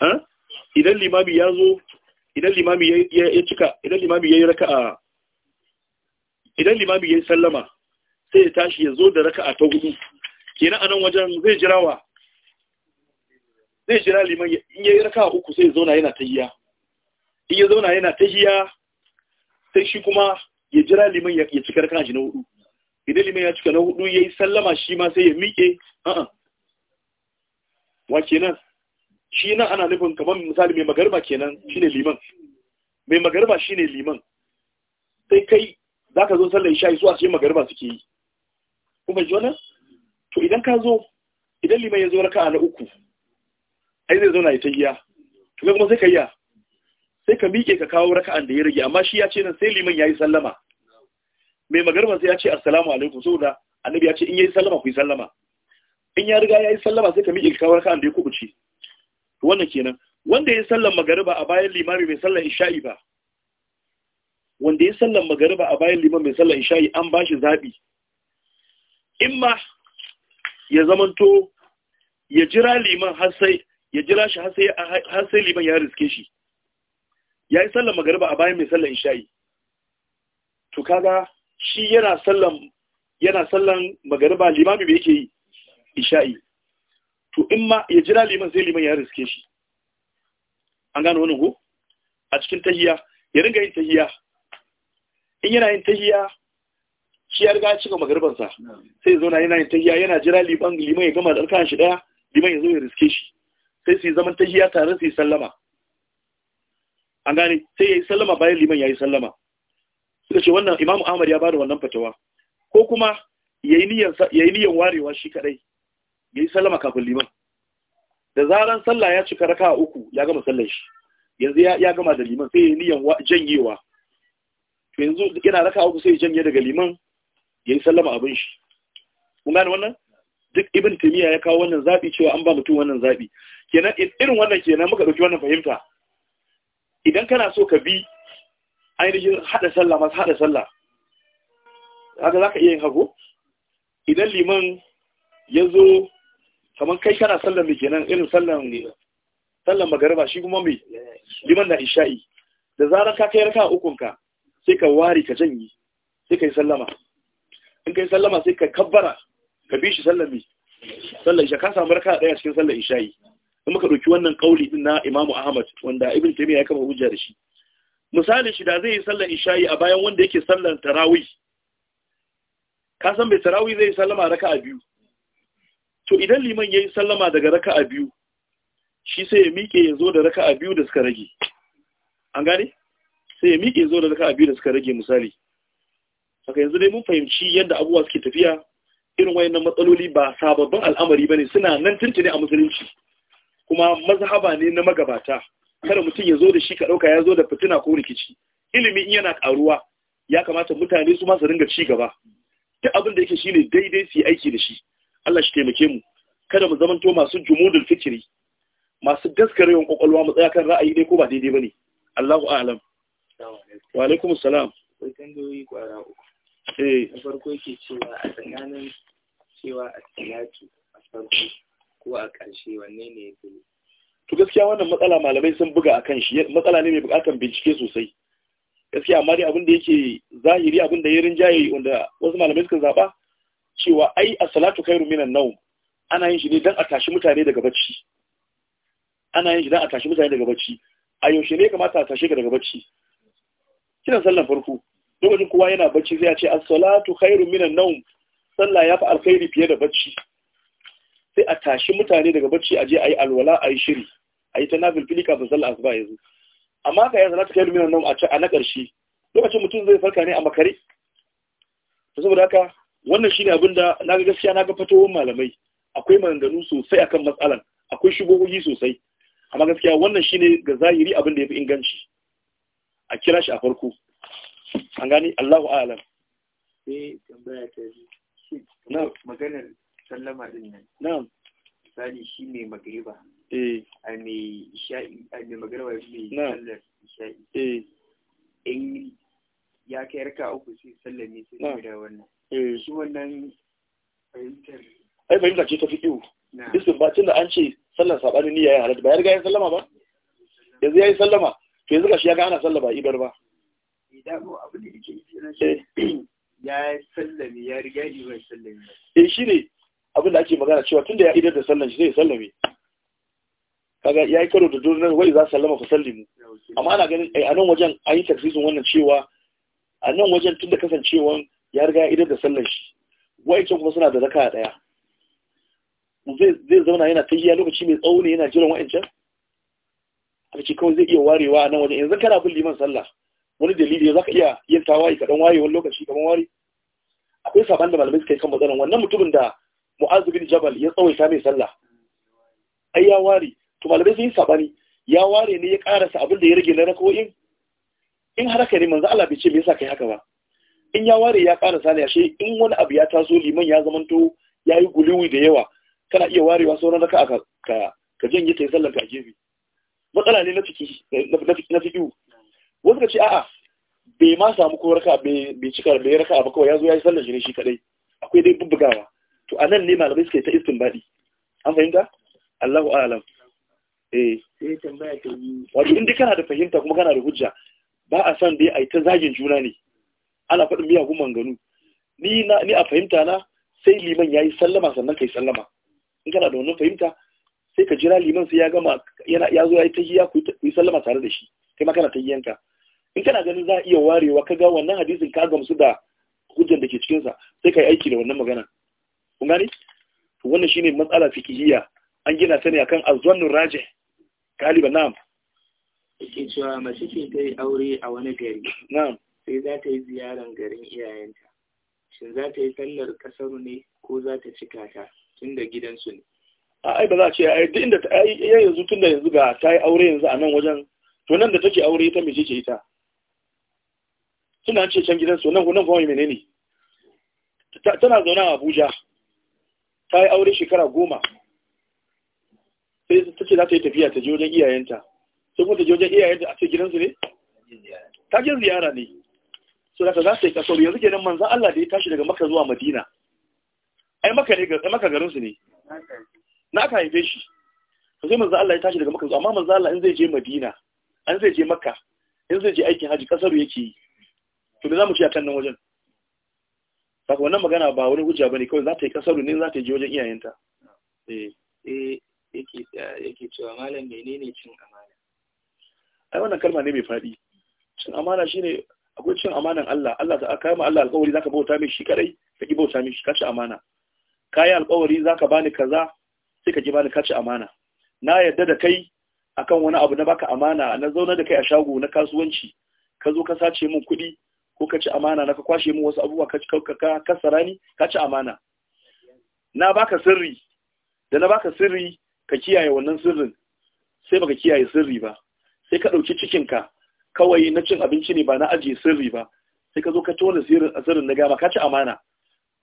ha idan limami ya zo idan limami ya cika idan limami ya yi raka'a idan limami ya yi sallama sai ya tashi ya zo da raka a ta hudu kenan anan wajen zai jira wa zai jira liman in raka a uku sai ya zauna yana ta hiya in ya zauna yana ta hiya sai shi kuma ya jira liman ya cika raka'a na hudu idan liman ya cika na hudu yi sallama shi ma sai ya miƙe a'a wa kenan shi nan ana nufin kamar misali mai magarba kenan shine liman mai magarba shine liman sai kai za ka zo sallar isha su a cikin magarba suke yi kuma ji wannan to idan ka zo idan liman ya zo raka na uku ai zai zauna ya ta giya to kuma sai ka yi sai ka miƙe ka kawo raka'an da ya rage amma shi ya ce nan sai liman ya yi sallama mai magarban sai ya ce assalamu alaikum saboda annabi ya ce in ya yi sallama ku yi sallama in ya riga ya yi sallama sai ka miƙe ka kawo raka'an da ya kubuce to wannan kenan wanda ya sallan magariba a bayan limami mai sallan isha'i ba wanda ya sallan magariba a bayan liman mai sallan isha'i an ba shi zaɓi imma ya zamanto ya jira liman har sai ya jira shi har sai liman ya riske shi ya yi sallan magariba a bayan mai sallan isha'i, to kaga shi yana sallan yana sallan magariba limami bai yake yi isha'i to in ma ya jira liman sai liman ya riske shi an gano wani go a cikin tahiya ya ringa yin tahiya in yana yin tahiya shi ya riga ya cika magarbansa sai zauna yana yin tahiya yana jira liman liman ya gama da alkan shi daya liman ya zo ya riske shi sai su yi zaman tahiya tare su yi sallama an gane sai ya yi sallama bayan liman ya yi sallama suka ce wannan imamu ahmad ya bada wannan fatawa ko kuma ya yi niyan warewa shi kadai ya yi sallama kafin liman da zaran sallah ya cika raka uku ya gama sallar shi yanzu ya gama da liman sai ya yi niyan janyewa yanzu yana raka uku sai ya janye daga liman yayi sallama abin shi Kuma gane wannan duk ibn taymiya ya kawo wannan zabi cewa an ba mutum wannan zabi kenan irin wannan kenan muka dauki wannan fahimta idan kana so ka bi ainihin hada sallah masu hada sallah haka zaka iya yin hago idan liman ya zo kamar kai kana sallan mai kenan irin sallan sallan magariba shi kuma mai liman na isha'i da zarar ka kai raka ukunka sai ka ware ka janye sai ka yi sallama in kai sallama sai ka kabbara ka bi shi sallami sallan isha ka samu raka daya cikin sallar isha'i in muka dauki wannan kauli din na Imam Ahmad wanda Ibn Taymiyyah ya kafa hujja da shi misali shi da zai yi sallar isha'i a bayan wanda yake sallar tarawih ka san bai tarawih zai sallama a biyu to idan liman yayi sallama daga a biyu shi sai ya miƙe ya zo da a biyu da suka rage an gane sai ya miƙe zo da a biyu da suka rage misali saka yanzu dai mun fahimci yadda abubuwa suke tafiya irin wayannan matsaloli ba sababbin al'amari bane suna nan tuntune a musulunci kuma mazhaba ne na magabata kada mutum ya zo da shi ka ɗauka ya zo da fitina ko rikici ilimi in yana karuwa ya kamata mutane su ma su ringa ci gaba duk abin da yake shine daidai su yi aiki da shi Allah shi taimake mu kada mu zamanto masu jumudul fikiri masu daskarewan kwakwalwa mu tsaya kan ra'ayi dai ko ba daidai bane Allahu a'lam wa alaikumus salam kan doyi kwara uku Eh. na farko ke cewa a tsakanin cewa a tsayaki a farko ko a ƙarshe wanne ne ya fi to gaskiya wannan matsala malamai sun buga a kan shi matsala ne mai buƙatar bincike sosai gaskiya amma dai abinda da yake zahiri abinda ya rinjaye wanda wasu malamai suka zaɓa cewa ai a salatu khairu minan nau' ana yin shi ne don a tashi mutane daga bacci ana yin shi don a tashi mutane daga bacci a yaushe ne kamata a tashe ka daga bacci kiran sallan farko lokacin kowa yana bacci zai ce as-salatu khairun minan nawm sallah yafi alkhairi fiye da bacci sai a tashi mutane daga bacci a je ayi alwala ayi shiri ayi ta nafil fili kafin sallah asuba yanzu amma ka yi salatu khairun minan nawm a ce a na karshe lokacin mutum zai farka ne a makare to saboda haka wannan shine abin da na ga gaskiya ga fatowar malamai akwai maganganu sosai akan matsalan akwai shugogogi sosai amma gaskiya wannan shine ga zahiri abin da yafi inganci a kira shi a farko an gani Allahu a'lam sai tambaya ta shi na maganar sallama din nan na'am misali shi mai magriba eh ai mai isha'i ai mai magriba shi mai sallar isha'i eh in ya kai raka uku sai sallame sai ya da wannan eh shi wannan fahimtar ai fahimta ce ta fi iyo bisin ba da an ce sallar sabanin niyya ya halatta ba ya riga ya sallama ba yanzu ya yi sallama to yanzu ga shi ya ga ana sallaba ibar ba damu abu da yake eh. (clears throat) yi ya sallame ya riga yi sallami sallame eh ne abin da ake magana cewa tun da ya idar da sallan shi zai sallame kaga ya yi karo da nan wai za su sallama ku sallimu amma ana ganin eh, a nan wajen an yi taksisin wannan cewa a nan wajen tun da kasancewan ya riga ya idar da sallan shi wai can kuma suna da raka daya zai zauna yana ta yi lokaci mai tsawo ne yana jiran wa'ancan a cikin kawai zai iya warewa a nan wajen yanzu kana bin liman sallah wani dalili za ka iya yin tawaye ka dan waye wani lokaci kamar wari akwai saban da malamai suka yi kan matsalan wannan mutumin da mu'azu bin jabal ya tsawaita mai sallah ai ya ware to malamai sun yi sabani ya ware ne ya karasa abin da ya rage na rako'in in har haka ne manzo Allah bai ce me yasa kai haka ba in ya ware ya karasa ne ashe in wani abu ya taso liman ya zamanto yayi guliwi da yawa kana iya warewa sauran raka'a ka ka janye ta sallah ka gefe matsala ne na fiki na fiki wasu ka ce a'a bai ma samu ko raka bai cika bai raka ba kawai ya zo ya yi sallar shi ne shi kadai akwai dai bubbugawa to anan ne malamai suka yi ta baɗi an fahimta Allahu a'lam eh, eh wato in dai kana da fahimta kuma kana da hujja ba a san dai a yi ta zagin juna ne ana faɗin miyagun manganu ni na ni a fahimta na sai liman ya yi sallama sannan kai sallama in kana da wannan fahimta sai ka jira liman sai ya gama yana ya zo ta tahiyya ku yi sallama tare da shi kai ma kana tahiyyanka in kana ganin za a iya warewa ka ga wannan hadisin ka gamsu da hujjar da ke cikinsa sai ka yi aiki da wannan magana kun gani wannan shine matsala fikihiyya an gina ta ne akan azwanun raje galiba na'am yake cewa mace ce ta yi aure a wani gari na'am sai za ta yi ziyaran garin iyayenta shin za ta yi sallar kasar ne ko za ta cika ta tunda gidansu ne a ai ba za a ce ai duk inda ta yi yanzu tunda yanzu ga ta yi aure yanzu a nan wajen to nan da take aure ta mace ce ita suna ce can gidansu nan nan kuma menene tana zaune a Abuja ta yi aure shekara goma sai ta ce za ta yi tafiya ta jojen wajen iyayenta sai kuma ta jojen wajen iyayenta a ce gidansu ne ta gin ziyara ne su da za ta yi kasar yanzu ke nan manzan Allah da ya tashi daga Makka zuwa Madina ai Makka ne ga Makka garin su ne na aka haife shi ka sai manzan Allah ya tashi daga maka zuwa amma manzan Allah in zai je Madina an zai je maka in zai je aikin haji kasar yake yi to da za mu ci a kan nan wajen saka wannan magana ba wani hujja bane kawai za ta yi kasaru ne za ta je wajen iyayenta eh eh yake yake cewa malam menene cin amana ai wannan kalma ne mai fadi cin amana shine akwai cin amanan Allah Allah ta kai ma Allah alƙawari zaka bauta mai shi kadai ka ki bauta mai shi kace amana kai alƙawari zaka bani kaza sai ka ji bani kace amana na yadda da kai akan wani abu na baka amana na zauna da kai a shago na kasuwanci ka zo ka sace min kuɗi ko ka ci amana na ka kwashe mu wasu abubuwa ka ka kasara ni ka ci amana na baka sirri da na baka sirri ka kiyaye wannan sirrin sai baka kiyaye sirri ba sai ka ɗauki cikin ka kawai na cin abinci ne ba na ajiye sirri ba sai ka zo ka tona sirrin na gama ka ci amana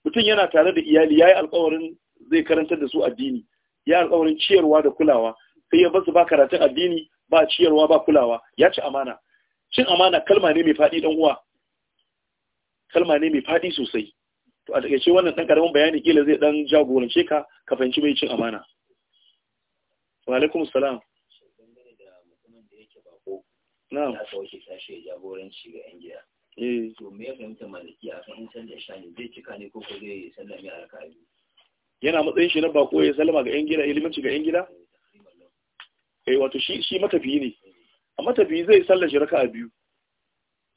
mutum yana tare da iyali yayi alƙawarin zai karantar da su addini ya alƙawarin ciyarwa da kulawa sai ya basu ba karatun addini ba ciyarwa ba kulawa ya ci amana cin amana kalma ne mai faɗi dan uwa kalma ne mai faɗi sosai to a takaice wannan dan karamin bayani kila zai dan jagorance ka ka fahimci mai cin amana wa alaikum salam na'am ya sauke sashi jagoranci ga yan gida eh. to me ya fahimta maliki a kan san da shani zai cika ne ko ko zai sallame a rakabi yana matsayin shi na bako ya sallama ga yan gida ilimanci ga yan gida eh wato shi shi matafiyi ne a matafiyi zai sallashi raka'a biyu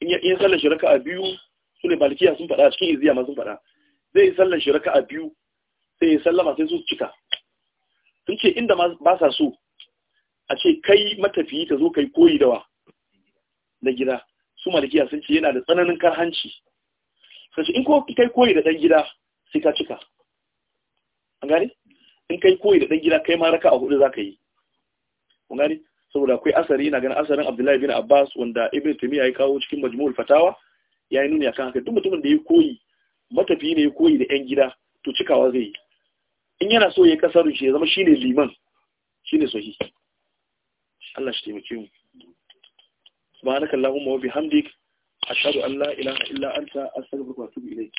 in ya sallashi raka'a biyu su ne malikiya sun faɗa cikin iziya ma sun faɗa zai yi sallan shi raka'a biyu sai ya sallama sai su cika sun ce inda ba sa so a ce kai matafiyi ta zo kai koyi dawa na gida su malikiya sun ce yana da tsananin karhanci sun ce in ko kai koyi da ɗan gida sai ka cika an gane in kai koyi da ɗan gida kai ma raka'a hudu za ka yi an gane saboda akwai asari na ganin asarin abdullahi bin abbas wanda ibn taymiya ya kawo cikin majmu'ul fatawa ya yi nuni kan haka duk mutumin da ya koyi matafiya ne ya koyi da yan gida to cikawa zai yi in yana so ya yi kasar shi ya zama shi ne liman shi ne sohi Allah shi taimake mu subhanakallahumma wa bihamdik ashhadu an allah ilaha illa anta astaghfiruka wa atubu ilai.